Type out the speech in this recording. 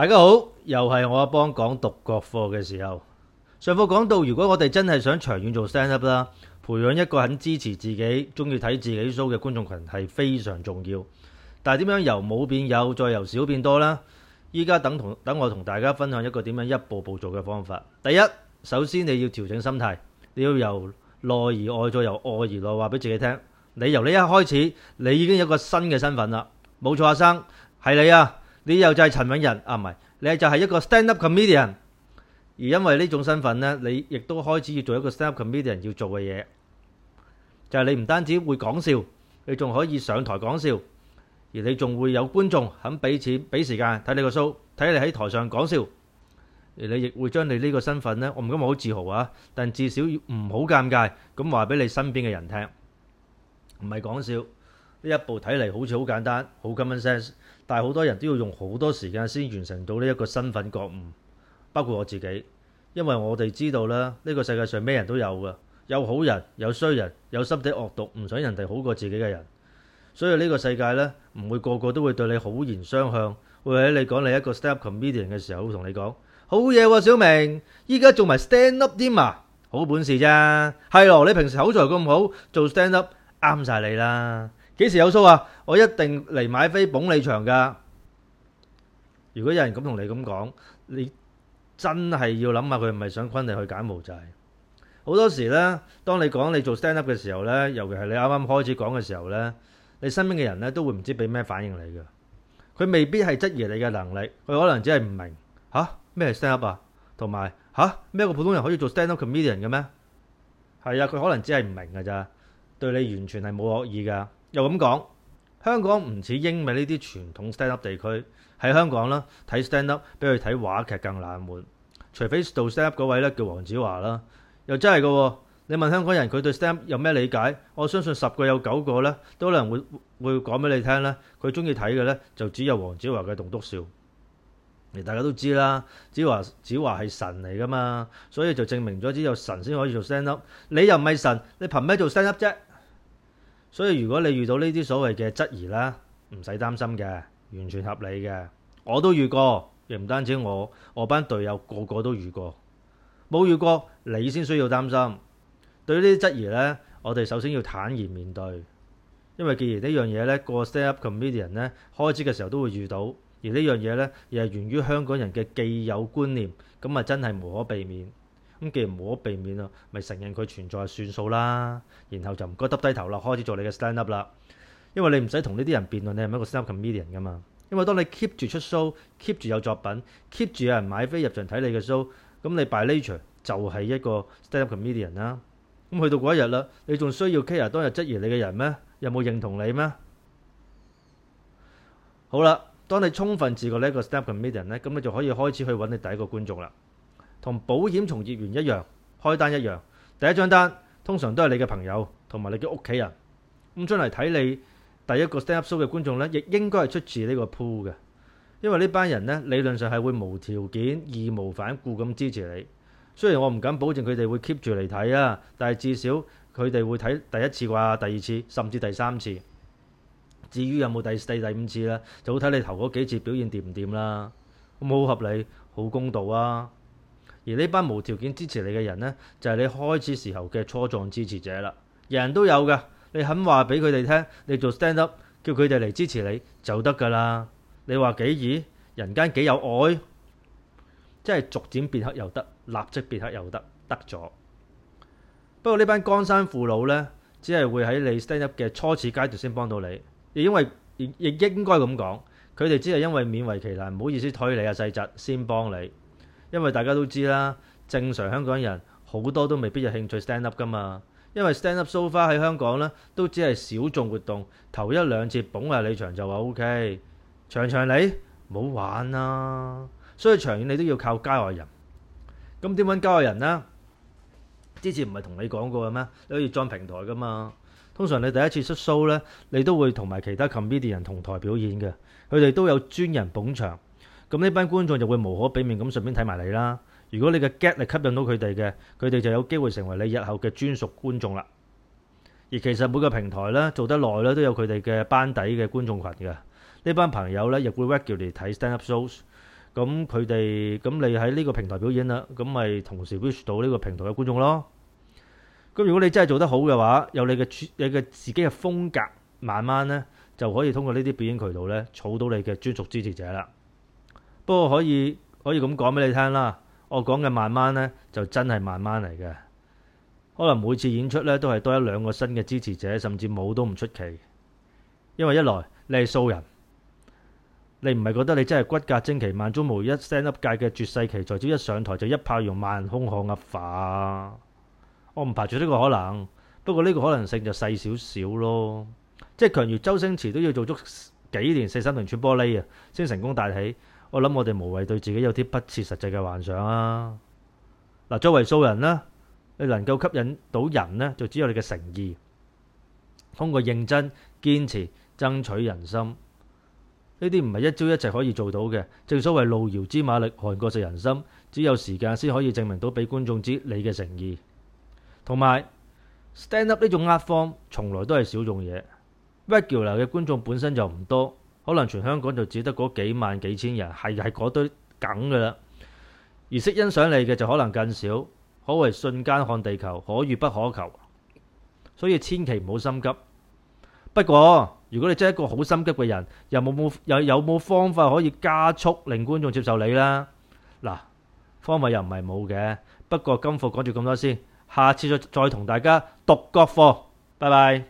大家好，又係我阿邦講獨角課嘅時候。上課講到，如果我哋真係想長遠做 stand up 啦，培養一個肯支持自己、中意睇自己 show 嘅觀眾群係非常重要。但係點樣由冇變有，再由少變多啦？依家等同等我同大家分享一個點樣一步步做嘅方法。第一，首先你要調整心態，你要由內而外，再由外而內，話俾自己聽。你由你一開始，你已經有一個新嘅身份啦。冇錯，阿生係你啊！你又就係陳永仁啊？唔係，你係就係一個 stand up comedian。而因為呢種身份咧，你亦都開始要做一個 stand up comedian 要做嘅嘢，就係你唔單止會講笑，你仲可以上台講笑，而你仲會有觀眾肯俾錢俾時間睇你個 show，睇你喺台上講笑。而你亦會將你呢個身份咧，我唔敢話好自豪啊，但至少唔好尷尬咁話俾你身邊嘅人聽，唔係講笑。呢一步睇嚟好似好簡單，好 common sense。但係好多人都要用好多時間先完成到呢一個身份覺悟，包括我自己，因為我哋知道啦，呢、呢個世界上咩人都有噶，有好人，有衰人，有心底惡毒唔想人哋好過自己嘅人，所以呢個世界咧唔會個個都會對你好言相向，會喺你講你一個 step comedian 嘅時候同你講、嗯、好嘢喎、啊，小明，依家做埋 stand up 添啊，好本事咋，係咯，你平時口才咁好，做 stand up 啱晒你啦。幾時有 show 啊？我一定嚟買飛捧你場噶。如果有人咁同你咁講，你真係要諗下佢唔係想昆你去減毛債？好多時咧，當你講你做 stand up 嘅時候咧，尤其係你啱啱開始講嘅時候咧，你身邊嘅人咧都會唔知俾咩反應你噶。佢未必係質疑你嘅能力，佢可能只係唔明吓咩係 stand up 啊，同埋吓咩個普通人可以做 stand up comedian 嘅咩？係啊，佢可能只係唔明噶咋，對你完全係冇惡意噶。又咁講，香港唔似英美呢啲傳統 stand up 地區，喺香港啦，睇 stand up 比佢睇話劇更冷門。除非做 stand up 嗰位咧叫黃子華啦，又真係㗎喎。你問香港人佢對 stand up 有咩理解，我相信十個有九個咧都可能會會講俾你聽咧，佢中意睇嘅咧就只有黃子華嘅棟篤笑。而大家都知啦，子華子華係神嚟㗎嘛，所以就證明咗只有神先可以做 stand up。你又唔係神，你憑咩做 stand up 啫？所以如果你遇到呢啲所謂嘅質疑咧，唔使擔心嘅，完全合理嘅。我都遇過，亦唔單止我，我班隊友個個都遇過。冇遇過你先需要擔心。對於呢啲質疑呢，我哋首先要坦然面對，因為既然呢樣嘢呢，個 stand-up comedian 呢，開始嘅時候都會遇到，而呢樣嘢呢，又係源於香港人嘅既有觀念，咁啊真係無可避免。咁既然冇得避免啊，咪承認佢存在算數啦。然後就唔該耷低頭啦，開始做你嘅 stand up 啦。因為你唔使同呢啲人辯論，你係咪一個 stand up comedian 嘅嘛？因為當你 keep 住出 show，keep 住有作品，keep 住有人買飛入場睇你嘅 show，咁你 by nature 就係一個 stand up comedian 啦。咁去到嗰一日啦，你仲需要 care 當日質疑你嘅人咩？有冇認同你咩？好啦，當你充分自覺呢個 stand up comedian 咧，咁你就可以開始去揾你第一個觀眾啦。同保險從業員一樣，開單一樣。第一張單通常都係你嘅朋友同埋你嘅屋企人。咁出嚟睇你第一個 stand up show 嘅觀眾呢，亦應該係出自呢個 pool 嘅，因為呢班人呢，理論上係會無條件義無反顧咁支持你。雖然我唔敢保證佢哋會 keep 住嚟睇啊，但係至少佢哋會睇第一次啩，第二次甚至第三次。至於有冇第四、第五次咧，就好睇你頭嗰幾次表現掂唔掂啦。咁好合理，好公道啊！而呢班無條件支持你嘅人呢，就係你開始時候嘅初狀支持者啦。人人都有嘅，你肯話俾佢哋聽，你做 stand up，叫佢哋嚟支持你就得噶啦。你話幾易？人間幾有愛？即係逐漸變黑又得，立即變黑又得，得咗。不過呢班江山父老呢，只係會喺你 stand up 嘅初始階段先幫到你，亦因為亦亦應該咁講，佢哋只係因為勉為其難，唔好意思推你啊，細侄先幫你。因為大家都知啦，正常香港人好多都未必有興趣 stand up 㗎嘛。因為 stand up so far 喺香港咧，都只係小眾活動。頭一兩次捧下你場就話 OK，場場你唔好玩啊，所以長遠你都要靠街外人。咁點揾街外人呢？之前唔係同你講過嘅咩？你可以裝平台㗎嘛。通常你第一次出 show 咧，你都會同埋其他 comedian 人同台表演嘅，佢哋都有專人捧場。咁呢班觀眾就會無可避免咁順便睇埋你啦。如果你嘅 get 力吸引到佢哋嘅，佢哋就有機會成為你日後嘅專屬觀眾啦。而其實每個平台咧做得耐咧都有佢哋嘅班底嘅觀眾群嘅。呢班朋友咧亦會 regularly 睇 stand up shows。咁佢哋，咁你喺呢個平台表演啦，咁咪同時 reach 到呢個平台嘅觀眾咯。咁如果你真係做得好嘅話，有你嘅你嘅自己嘅風格，慢慢咧就可以通過呢啲表演渠道咧，儲到你嘅專屬支持者啦。不過可以可以咁講俾你聽啦。我講嘅慢慢呢，就真係慢慢嚟嘅。可能每次演出呢，都係多一兩個新嘅支持者，甚至冇都唔出奇。因為一來你係素人，你唔係覺得你真係骨骼精奇、萬中無一、stand-up 界嘅絕世奇才，只一上台就一炮用萬人空巷啊！化我唔排除呢個可能，不過呢個可能性就細少少咯。即係強如周星馳都要做足幾年細身同穿玻璃啊，先成功大起。我諗我哋無謂對自己有啲不切實際嘅幻想啊！嗱，作為素人呢，你能夠吸引到人呢，就只有你嘅誠意。通過認真、堅持、爭取人心，呢啲唔係一朝一夕可以做到嘅。正所謂路遙知馬力，日久見人心，只有時間先可以證明到俾觀眾知你嘅誠意。同埋，stand up 呢種 art form 從來都係小眾嘢，regular 嘅觀眾本身就唔多。可能全香港就只得嗰幾萬幾千人，係係嗰堆梗噶啦。而識欣賞你嘅就可能更少，可謂瞬間看地球，可遇不可求。所以千祈唔好心急。不過如果你真係一個好心急嘅人，又有冇有有冇方法可以加速令觀眾接受你啦？嗱，方法又唔係冇嘅。不過今課講住咁多先，下次再再同大家讀獨角課。拜拜。